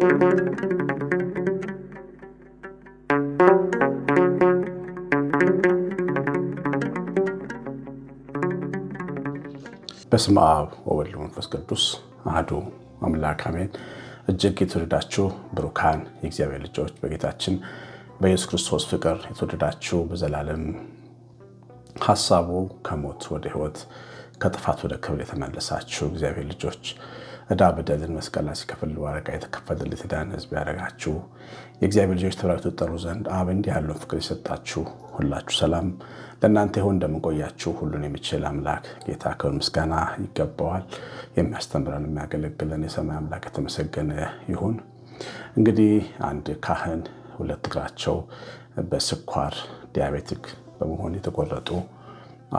በስመ አብ ወወልድ መንፈስ ቅዱስ አሐዱ አምላክ አሜን። እጅግ የተወደዳችሁ ብሩካን የእግዚአብሔር ልጆች በጌታችን በኢየሱስ ክርስቶስ ፍቅር የተወደዳችሁ በዘላለም ሀሳቡ ከሞት ወደ ሕይወት ከጥፋት ወደ ክብር የተመለሳችሁ እግዚአብሔር ልጆች ዕዳ በደልን መስቀል ላይ ሲከፍል ዋረቃ የተከፈለለት ዕዳን ሕዝብ ያደረጋችሁ የእግዚአብሔር ልጆች ተብላችሁ ትጠሩ ዘንድ አብ እንዲህ ያለውን ፍቅር የሰጣችሁ ሁላችሁ ሰላም ለእናንተ ይሁን። እንደምንቆያችሁ ሁሉን የሚችል አምላክ ጌታ ክብር ምስጋና ይገባዋል። የሚያስተምረን የሚያገለግለን የሰማይ አምላክ የተመሰገነ ይሁን። እንግዲህ አንድ ካህን ሁለት እግራቸው በስኳር ዲያቤቲክ በመሆን የተቆረጡ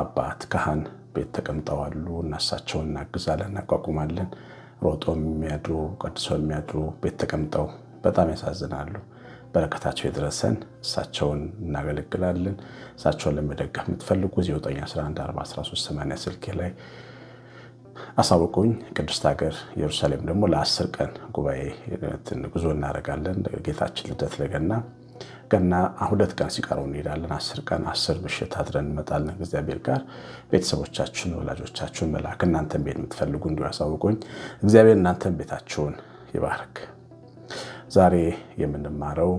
አባት ካህን ቤት ተቀምጠዋሉ። እናሳቸውን እናግዛለን፣ እናቋቁማለን። ሮጦ የሚያድሩ ቀድሶ የሚያድሩ ቤት ተቀምጠው በጣም ያሳዝናሉ። በረከታቸው የደረሰን እሳቸውን እናገለግላለን። እሳቸውን ለመደገፍ የምትፈልጉ 9114138 ስልክ ላይ አሳውቁኝ። ቅድስት ሀገር ኢየሩሳሌም ደግሞ ለአስር ቀን ጉባኤ ጉዞ እናደርጋለን። ጌታችን ልደት ለገና ገና ሁለት ቀን ሲቀረው እንሄዳለን። አስር ቀን አስር ምሽት አድረን እንመጣለን እግዚአብሔር ጋር። ቤተሰቦቻችሁን፣ ወላጆቻችሁን መላክ እናንተን ቤት የምትፈልጉ እንዲሁ ያሳውቁኝ። እግዚአብሔር እናንተን ቤታችሁን ይባርክ። ዛሬ የምንማረው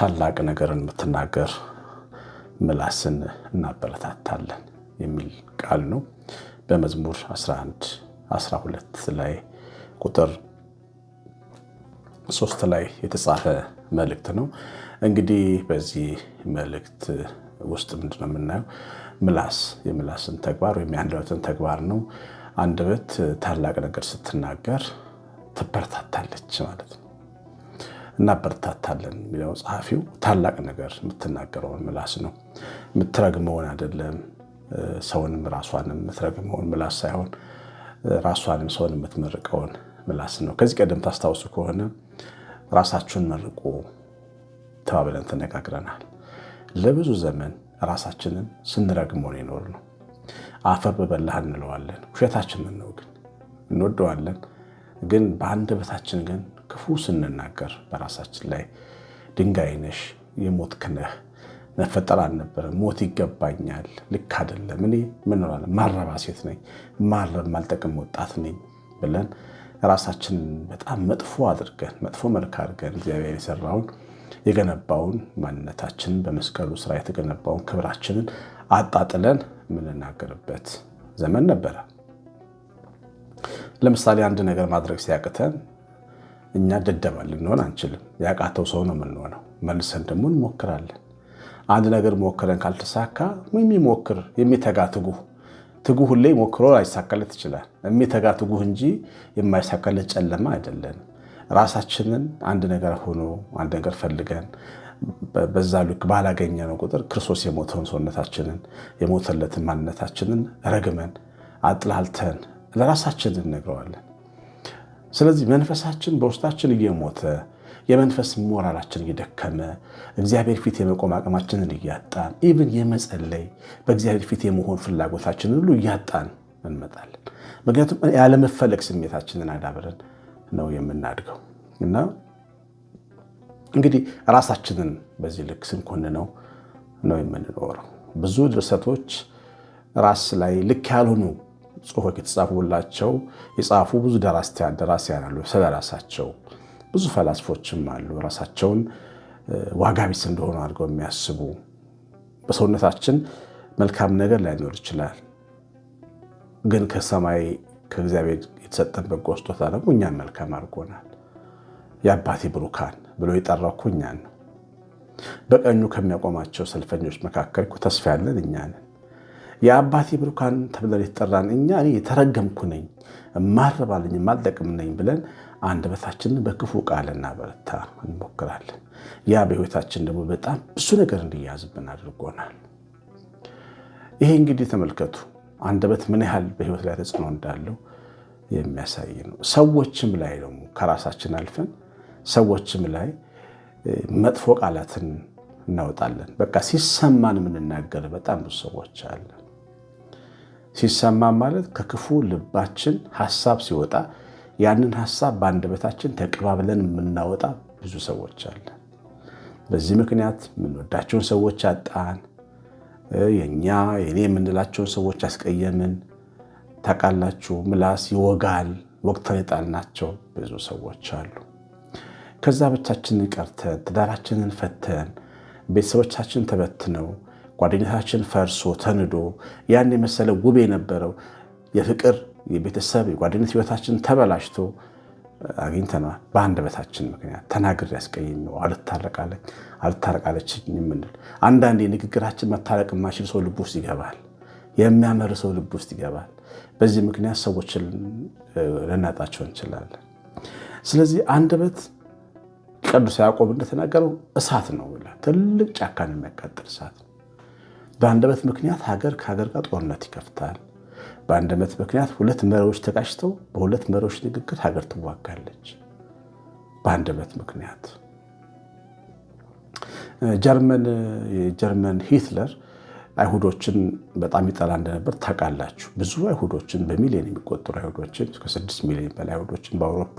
ታላቅ ነገርን የምትናገር ምላስን እናበረታታለን የሚል ቃል ነው። በመዝሙር 11 12 ላይ ቁጥር ሶስት ላይ የተጻፈ መልእክት ነው። እንግዲህ በዚህ መልእክት ውስጥ ምንድነው የምናየው? ምላስ የምላስን ተግባር ወይም የአንደበትን ተግባር ነው። አንደበት ታላቅ ነገር ስትናገር ትበረታታለች ማለት ነው። እናበረታታለን የሚለው ጸሐፊው ታላቅ ነገር የምትናገረውን ምላስ ነው። የምትረግመውን አይደለም። ሰውንም ራሷንም የምትረግመውን ምላስ ሳይሆን ራሷንም ሰውን የምትመርቀውን ምላስ ነው። ከዚህ ቀደም ታስታውሱ ከሆነ ራሳችሁን መርቁ ተባብለን ተነጋግረናል። ለብዙ ዘመን ራሳችንን ስንረግመን ይኖር ነው። አፈር በበላህ እንለዋለን። ውሸታችንን ነው ግን እንወደዋለን። ግን በታችን ግን ክፉ ስንናገር በራሳችን ላይ ድንጋይ ነሽ፣ የሞት ክነህ መፈጠር አልነበረ፣ ሞት ይገባኛል፣ ልክ አይደለም፣ እኔ ምን ማረባ ሴት ነኝ፣ ማረብ ማልጠቅም ወጣት ነኝ ብለን ራሳችን በጣም መጥፎ አድርገን መጥፎ መልክ አድርገን እግዚአብሔር የሰራውን የገነባውን ማንነታችንን በመስቀሉ ስራ የተገነባውን ክብራችንን አጣጥለን የምንናገርበት ዘመን ነበረ። ለምሳሌ አንድ ነገር ማድረግ ሲያቅተን እኛ ደደባ ልንሆን አንችልም። ያቃተው ሰው ነው የምንሆነው። መልሰን ደግሞ እንሞክራለን። አንድ ነገር ሞክረን ካልተሳካ የሚሞክር የሚተጋ ትጉህ ትጉ ሁሌ ሞክሮ ላይሳካለት ይችላል። የሚተጋ ትጉህ እንጂ የማይሳካለት ጨለማ አይደለን። ራሳችንን አንድ ነገር ሆኖ አንድ ነገር ፈልገን በዛ ልክ ባላገኘነው ቁጥር ክርስቶስ የሞተውን ሰውነታችንን የሞተለትን ማንነታችንን ረግመን አጥላልተን ለራሳችን እንነግረዋለን። ስለዚህ መንፈሳችን በውስጣችን እየሞተ የመንፈስ ሞራላችን እየደከመ እግዚአብሔር ፊት የመቆም አቅማችንን እያጣን ኢቭን የመጸለይ በእግዚአብሔር ፊት የመሆን ፍላጎታችንን ሁሉ እያጣን እንመጣለን። ምክንያቱም ያለመፈለግ ስሜታችንን አዳብረን ነው የምናድገው እና እንግዲህ ራሳችንን በዚህ ልክ ስንኮንነው ነው የምንኖረው። ብዙ ድርሰቶች ራስ ላይ ልክ ያልሆኑ ጽሁፎች የተጻፉላቸው የጻፉ ብዙ ደራሲያን አሉ ስለ ራሳቸው ብዙ ፈላስፎችም አሉ ራሳቸውን ዋጋ ቢስ እንደሆኑ አድርገው የሚያስቡ። በሰውነታችን መልካም ነገር ላይኖር ይችላል፣ ግን ከሰማይ ከእግዚአብሔር የተሰጠን በጎ ስጦታ ደግሞ እኛን መልካም አድርጎናል። የአባቴ ብሩካን ብሎ የጠራው እኮ እኛን ነው። በቀኙ ከሚያቆማቸው ሰልፈኞች መካከል ተስፋ ያለን እኛ ነን። የአባቴ ብሩካን ተብለን የተጠራን እኛ እኔ የተረገምኩ ነኝ ማረባለኝ ማልጠቅም ነኝ ብለን አንደበታችንን በክፉ ቃል እናበረታ እንሞክራለን። ያ በህይወታችን ደግሞ በጣም ብዙ ነገር እንዲያዝብን አድርጎናል። ይሄ እንግዲህ ተመልከቱ አንደበት ምን ያህል በህይወት ላይ ተጽዕኖ እንዳለው የሚያሳይ ነው። ሰዎችም ላይ ደግሞ ከራሳችን አልፈን ሰዎችም ላይ መጥፎ ቃላትን እናወጣለን። በቃ ሲሰማን የምንናገር በጣም ብዙ ሰዎች አለን። ሲሰማ ማለት ከክፉ ልባችን ሀሳብ ሲወጣ ያንን ሀሳብ በአንደበታችን ተቀባብለን የምናወጣ ብዙ ሰዎች አለ። በዚህ ምክንያት የምንወዳቸውን ሰዎች አጣን። የእኛ የኔ የምንላቸውን ሰዎች አስቀየምን። ታውቃላችሁ፣ ምላስ ይወጋል። ወቅተን የጣልናቸው ብዙ ሰዎች አሉ። ከዛ ብቻችንን ቀርተን ትዳራችንን ፈተን ቤተሰቦቻችን ተበትነው ጓደኝነታችን ፈርሶ ተንዶ ያን የመሰለ ውብ የነበረው የፍቅር የቤተሰብ የጓደኝነት ህይወታችን ተበላሽቶ አግኝተነዋል። በታችን ምክንያት ተናግር ያስቀየመው አልታረቃለች አልታረቃለች የምንል አንዳንዴ ንግግራችን መታረቅ የማይችል ሰው ልብ ውስጥ ይገባል። የሚያመር ሰው ልብ ውስጥ ይገባል። በዚህ ምክንያት ሰዎችን ልናጣቸው እንችላለን። ስለዚህ አንደበት ቅዱስ ያዕቆብ እንደተናገረው እሳት ነው። ትልቅ ጫካን የሚያቃጥል እሳት ነው። በአንደበት ምክንያት ሀገር ከሀገር ጋር ጦርነት ይከፍታል። በአንደበት ምክንያት ሁለት መሪዎች ተጋጭተው በሁለት መሪዎች ንግግር ሀገር ትዋጋለች። በአንደበት ምክንያት ጀርመን የጀርመን ሂትለር አይሁዶችን በጣም ይጠላ እንደነበር ታውቃላችሁ። ብዙ አይሁዶችን በሚሊዮን የሚቆጠሩ አይሁዶችን እስከ ስድስት ሚሊዮን በላይ አይሁዶችን በአውሮፓ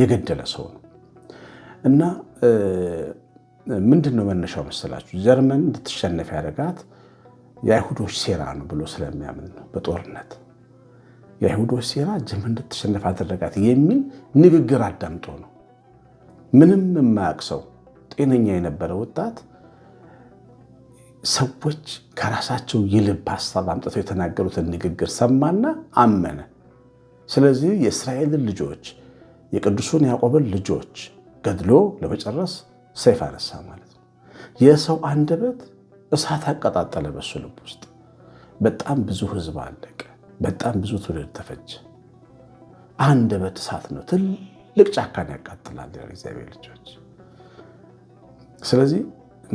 የገደለ ሰው ነው እና ምንድን ነው መነሻው መሰላችሁ ጀርመን እንድትሸነፍ ያደረጋት የአይሁዶች ሴራ ነው ብሎ ስለሚያምን ነው። በጦርነት የአይሁዶች ሴራ ጅም እንድትሸነፍ አደረጋት የሚል ንግግር አዳምጦ ነው። ምንም የማያውቅ ሰው ጤነኛ የነበረ ወጣት ሰዎች ከራሳቸው የልብ ሀሳብ አምጥተው የተናገሩትን ንግግር ሰማና አመነ። ስለዚህ የእስራኤልን ልጆች የቅዱሱን ያዕቆብን ልጆች ገድሎ ለመጨረስ ሰይፍ አነሳ ማለት ነው። የሰው አንደበት እሳት አቀጣጠለ በሱ ልብ ውስጥ። በጣም ብዙ ህዝብ አለቀ። በጣም ብዙ ትውልድ ተፈጀ። አንደበት እሳት ነው። ትልቅ ጫካን ያቃጥላል ይላል እግዚአብሔር ልጆች። ስለዚህ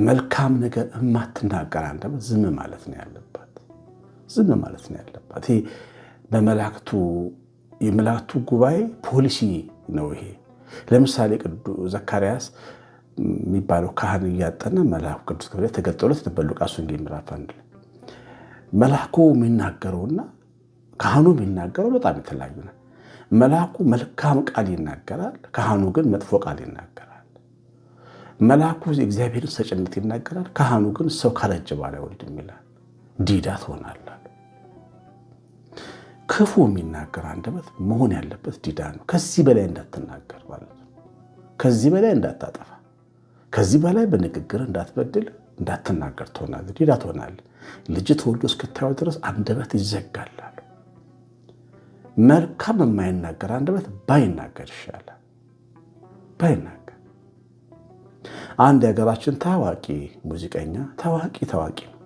መልካም ነገር የማትናገር አንደበት ዝም ማለት ነው ያለባት። ዝም ማለት ነው ያለባት። ይሄ በመላእክቱ የመላእክቱ ጉባኤ ፖሊሲ ነው ይሄ። ለምሳሌ ቅዱስ ዘካርያስ የሚባለው ካህን እያጠነ መልአኩ ቅዱስ ገብርኤል ተገልጦለት ሉቃስ ወንጌል ምዕራፍ አንድ ላይ መልአኩ የሚናገረውና ካህኑ የሚናገረው በጣም የተለያዩ ነው። መልአኩ መልካም ቃል ይናገራል፣ ካህኑ ግን መጥፎ ቃል ይናገራል። መልአኩ እግዚአብሔርን ሰጭነት ይናገራል፣ ካህኑ ግን ሰው ካረጀ በኋላ አይወልድም ይላል። ዲዳ ትሆናለህ። ክፉ የሚናገር አንደበት መሆን ያለበት ዲዳ ነው። ከዚህ በላይ እንዳትናገር ማለት ነው። ከዚህ በላይ እንዳታጠፋ ከዚህ በላይ በንግግር እንዳትበድል እንዳትናገር ትሆናል ዲዳ ትሆናል። ልጅ ተወልዶ እስክታዩ ድረስ አንደበት ይዘጋል አሉ። መልካም የማይናገር አንደበት ባይናገር ይሻላል። ባይናገር አንድ የሀገራችን ታዋቂ ሙዚቀኛ ታዋቂ ታዋቂ ነው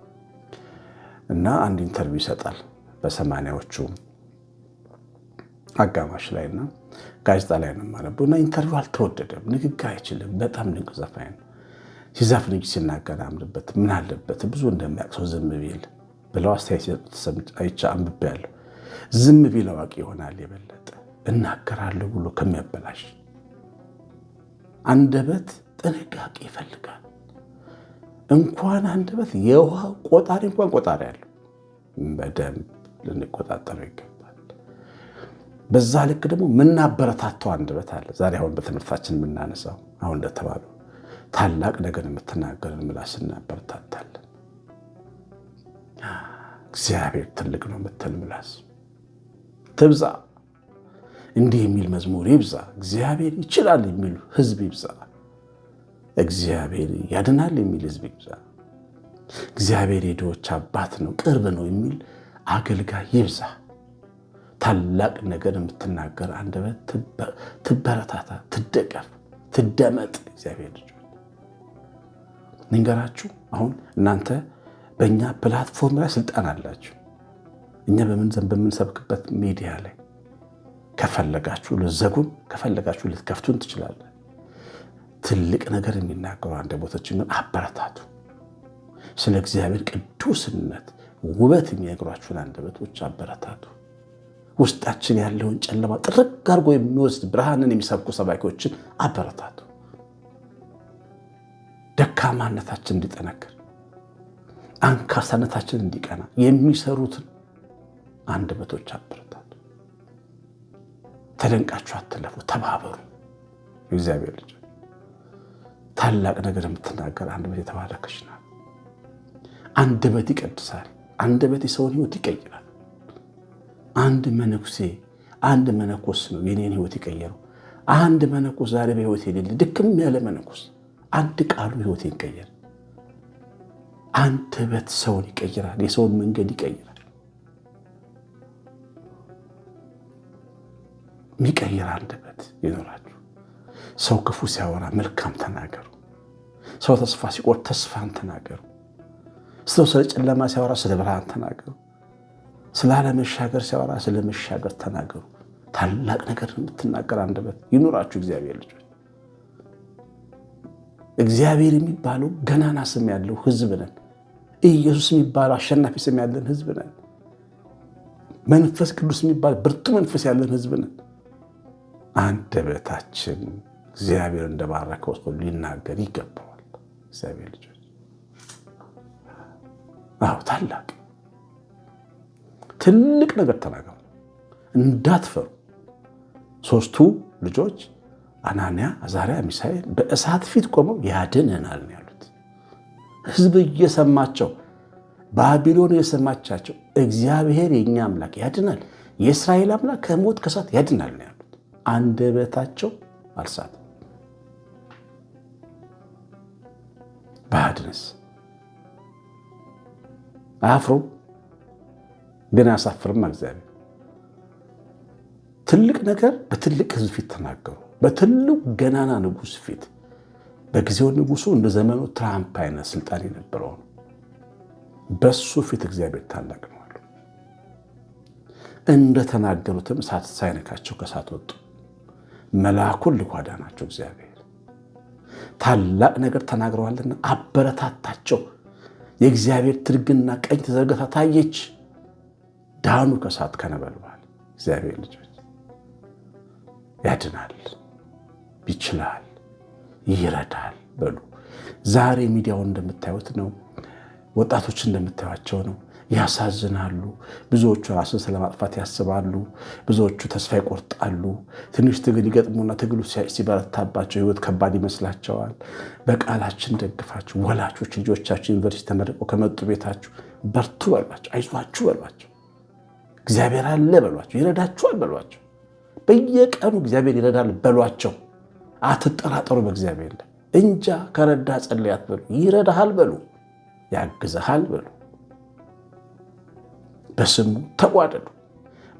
እና አንድ ኢንተርቪው ይሰጣል በሰማንያዎቹ አጋማሽ ላይ እና ጋዜጣ ላይ ነው የማነበው እና ኢንተርቪው አልተወደደም። ንግግር አይችልም። በጣም ድንቅ ዘፋኝ ነው። ሲዛፍ ልጅ ሲናገር አምርበት ምን አለበት ብዙ እንደሚያቅሰው ዝም ቢል ብለው አስተያየት አይቻ አንብቤያለሁ። ዝም ቢል አዋቂ ይሆናል የበለጠ እናገራለሁ ብሎ ከሚያበላሽ አንደበት ጥንቃቄ ይፈልጋል። እንኳን አንደበት የውሃ ቆጣሪ እንኳን ቆጣሪ አለው። በደንብ ልንቆጣጠረው ይገባል። በዛ ልክ ደግሞ ምናበረታተው አንደበት አለ። ዛሬ አሁን በትምህርታችን የምናነሳው አሁን እንደተባለው ታላቅ ነገር የምትናገርን ምላስ እናበረታታለን። እግዚአብሔር ትልቅ ነው የምትል ምላስ ትብዛ። እንዲህ የሚል መዝሙር ይብዛ። እግዚአብሔር ይችላል የሚል ህዝብ ይብዛ። እግዚአብሔር ያድናል የሚል ህዝብ ይብዛ። እግዚአብሔር የድሆች አባት ነው ቅርብ ነው የሚል አገልጋይ ይብዛ። ታላቅ ነገር የምትናገር አንደበት ትበረታታ፣ ትደቀፍ፣ ትደመጥ። እግዚአብሔር ልጅ ንንገራችሁ፣ አሁን እናንተ በእኛ ፕላትፎርም ላይ ስልጣን አላችሁ። እኛ በምን በምንዘን በምንሰብክበት ሚዲያ ላይ ከፈለጋችሁ ልዘጉን፣ ከፈለጋችሁ ልትከፍቱን ትችላለን። ትልቅ ነገር የሚናገሩ አንደበቶችን ግን አበረታቱ። ስለ እግዚአብሔር ቅዱስነት ውበት የሚነግሯችሁን አንደበቶች አበረታቱ። ውስጣችን ያለውን ጨለማ ጥርግ አድርጎ የሚወስድ ብርሃንን የሚሰብኩ ሰባኪዎችን አበረታቱ። ደካማነታችን እንዲጠነክር፣ አንካሳነታችን እንዲቀና የሚሰሩትን አንደበቶች አበረታቱ። ተደንቃችሁ አትለፉ፣ ተባበሩ። እግዚአብሔር ልጅ ታላቅ ነገር የምትናገር አንደበት የተባረከች ናት። አንደበት ይቀድሳል። አንደበት የሰውን ሕይወት ይቀይራል። አንድ መነኩሴ አንድ መነኮስ ነው የኔን ህይወት የቀየረው። አንድ መነኮስ ዛሬ በህይወት የሌለ ድክም ያለ መነኮስ አንድ ቃሉ ህይወቴን ቀየረ። አንደበት ሰውን ይቀይራል፣ የሰውን መንገድ ይቀይራል፣ የሚቀይር በት ይኖራችሁ። ሰው ክፉ ሲያወራ መልካም ተናገሩ። ሰው ተስፋ ሲቆርጥ ተስፋን ተናገሩ። ሰው ስለ ጨለማ ሲያወራ ስለ ብርሃን ተናገሩ። ስለ አለመሻገር ሲያወራ ስለመሻገር ተናገሩ። ታላቅ ነገር የምትናገር አንደበት ይኑራችሁ እግዚአብሔር ልጆች። እግዚአብሔር የሚባለው ገናና ስም ያለው ህዝብ ነን። ኢየሱስ የሚባለው አሸናፊ ስም ያለን ህዝብ ነን። መንፈስ ቅዱስ የሚባል ብርቱ መንፈስ ያለን ህዝብ ነን። አንደበታችን እግዚአብሔር እንደባረከው ሰው ሊናገር ይገባዋል። እግዚአብሔር ልጆች፣ አዎ ታላቅ ትልቅ ነገር ተናገሩ። እንዳትፈሩ። ሶስቱ ልጆች አናንያ፣ አዛርያ፣ ሚሳኤል በእሳት ፊት ቆመው ያድንናል ያሉት። ህዝብ እየሰማቸው ባቢሎን የሰማቻቸው እግዚአብሔር የእኛ አምላክ ያድናል፣ የእስራኤል አምላክ ከሞት ከሳት ያድናል ነው ያሉት። አንደበታቸው አልሳት ባድነስ አያፍሩም። ግን አያሳፍርም። እግዚአብሔር ትልቅ ነገር በትልቅ ህዝብ ፊት ተናገሩ። በትልቁ ገናና ንጉስ ፊት በጊዜው ንጉሱ እንደ ዘመኑ ትራምፕ አይነት ስልጣን የነበረው ነው። በሱ ፊት እግዚአብሔር ታላቅ ነው አሉ። እንደተናገሩትም እሳት ሳይነካቸው ከእሳት ወጡ። መልአኩን ልኮ አዳናቸው። እግዚአብሔር ታላቅ ነገር ተናግረዋልና አበረታታቸው። የእግዚአብሔር ትርግና ቀኝ ተዘርግታ ታየች። ዳኑ ከእሳት ከነበልባል። እግዚአብሔር ልጆች ያድናል፣ ይችላል፣ ይረዳል። በሉ ዛሬ ሚዲያውን እንደምታዩት ነው። ወጣቶች እንደምታዩቸው ነው። ያሳዝናሉ። ብዙዎቹ ራስን ስለማጥፋት ያስባሉ። ብዙዎቹ ተስፋ ይቆርጣሉ። ትንሽ ትግል ይገጥሙና ትግሉ ሲበረታባቸው ህይወት ከባድ ይመስላቸዋል። በቃላችን ደግፋቸው። ወላጆች ልጆቻቸው ዩኒቨርሲቲ ተመርቀው ከመጡ ቤታችሁ በርቱ በሏቸው፣ አይዟችሁ በሏቸው። እግዚአብሔር አለ በሏቸው፣ ይረዳችኋል በሏቸው። በየቀኑ እግዚአብሔር ይረዳል በሏቸው። አትጠራጠሩ በእግዚአብሔር ላይ እንጃ ከረዳ ጸልያት በሉ፣ ይረዳሃል በሉ፣ ያግዘሃል በሉ። በስሙ ተጓደዱ፣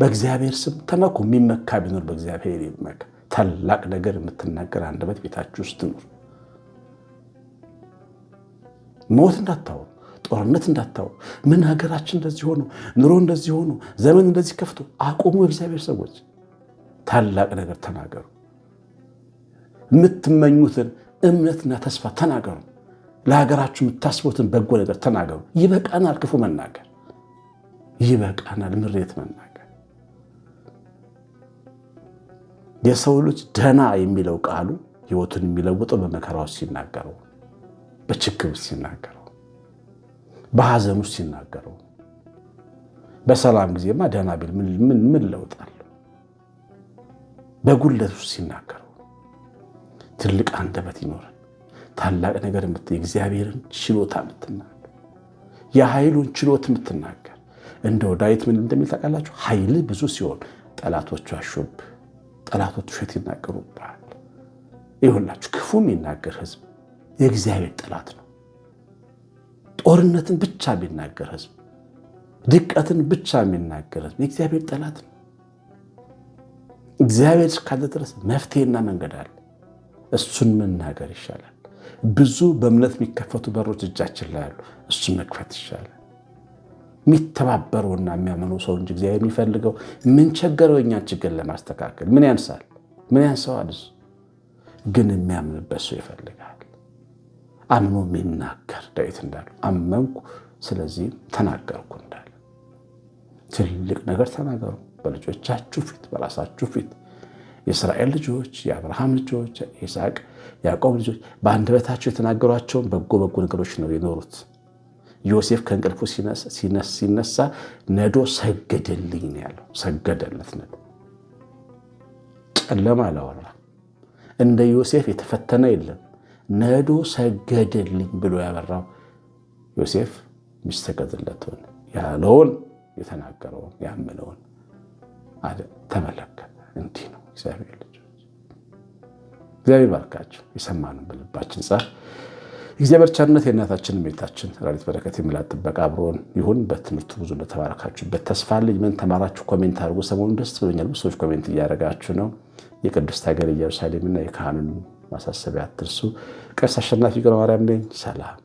በእግዚአብሔር ስም ተመኩ። የሚመካ ቢኖር በእግዚአብሔር ይመካ። ታላቅ ነገር የምትናገር አንደበት ቤታችሁ ውስጥ ትኑር። ሞት እንዳታወሩ ጦርነት እንዳታው ምን ሀገራችን እንደዚህ ሆኖ ኑሮ እንደዚህ ሆኖ ዘመን እንደዚህ ከፍቶ አቆሙ። የእግዚአብሔር ሰዎች ታላቅ ነገር ተናገሩ። የምትመኙትን እምነትና ተስፋ ተናገሩ። ለሀገራችሁ የምታስቡትን በጎ ነገር ተናገሩ። ይበቃናል ክፉ መናገር፣ ይበቃናል ምሬት መናገር። የሰው ልጅ ደህና የሚለው ቃሉ ህይወቱን የሚለውጠው በመከራዎች ሲናገረው፣ በችግር ሲናገር በሐዘን ውስጥ ሲናገሩ በሰላም ጊዜማ ደህና ቢል ምን ለውጥ አለው? በጉለት ውስጥ ሲናገሩ ትልቅ አንደበት ይኖረን፣ ታላቅ ነገር የምት የእግዚአብሔርን ችሎታ የምትናገር የኃይሉን ችሎት የምትናገር እንደው ዳዊት ምን እንደሚል ታውቃላችሁ? ኃይል ብዙ ሲሆን ጠላቶቹ አሹብ ጠላቶች ውሸት ይናገሩብሃል። ይሁላችሁ ክፉ የሚናገር ህዝብ የእግዚአብሔር ጠላት ነው። ጦርነትን ብቻ የሚናገር ህዝብ፣ ድቀትን ብቻ የሚናገር ህዝብ የእግዚአብሔር ጠላት ነው። እግዚአብሔር እስካለ ድረስ መፍትሄና መንገድ አለ። እሱን መናገር ይሻላል። ብዙ በእምነት የሚከፈቱ በሮች እጃችን ላይ አሉ። እሱን መክፈት ይሻላል። የሚተባበረውና የሚያምኑ ሰው እንጂ እግዚአብሔር የሚፈልገው የምንቸገረው እኛን ችግር ለማስተካከል ምን ያንሳል፣ ምን ያንሰዋል? ግን የሚያምንበት ሰው ይፈልጋል። አምኖ የሚናገር ዳዊት እንዳለ አመንኩ፣ ስለዚህ ተናገርኩ እንዳለ ትልቅ ነገር ተናገሩ በልጆቻችሁ ፊት፣ በራሳችሁ ፊት የእስራኤል ልጆች፣ የአብርሃም ልጆች፣ የይስሐቅ ያዕቆብ ልጆች በአንደበታቸው የተናገሯቸውን በጎ በጎ ነገሮች ነው የኖሩት። ዮሴፍ ከእንቅልፉ ሲነሳ ነዶ ሰገደልኝ ነው ያለው። ሰገደለት ነዶ። ጨለማ አላወራ። እንደ ዮሴፍ የተፈተነ የለም። ነዶ ሰገደልኝ ብሎ ያበራው ዮሴፍ ሚሰገድለትን ያለውን የተናገረውን ያምነውን ተመለከተ። እንዲህ ነው እግዚአብሔር ልጅ። እግዚአብሔር ባርካቸው። የሰማንን በልባችን ጻፍ። እግዚአብሔር ቸርነት የእናታችን ሜታችን ረድኤት በረከት የሚላ ጥበቃ አብሮን ይሁን። በትምህርቱ ብዙ እንደተባረካችሁበት ተስፋ አለኝ። ምን ተማራችሁ? ኮሜንት አድርጎ ሰሞኑን ደስ ብሎኛል። ብዙ ሰዎች ኮሜንት እያደረጋችሁ ነው። የቅድስት ሀገር ኢየሩሳሌምና የካህኑን ማሳሰቢያ አትርሱ። ቀሲስ አሸናፊ ገብረማርያም ነኝ። ሰላም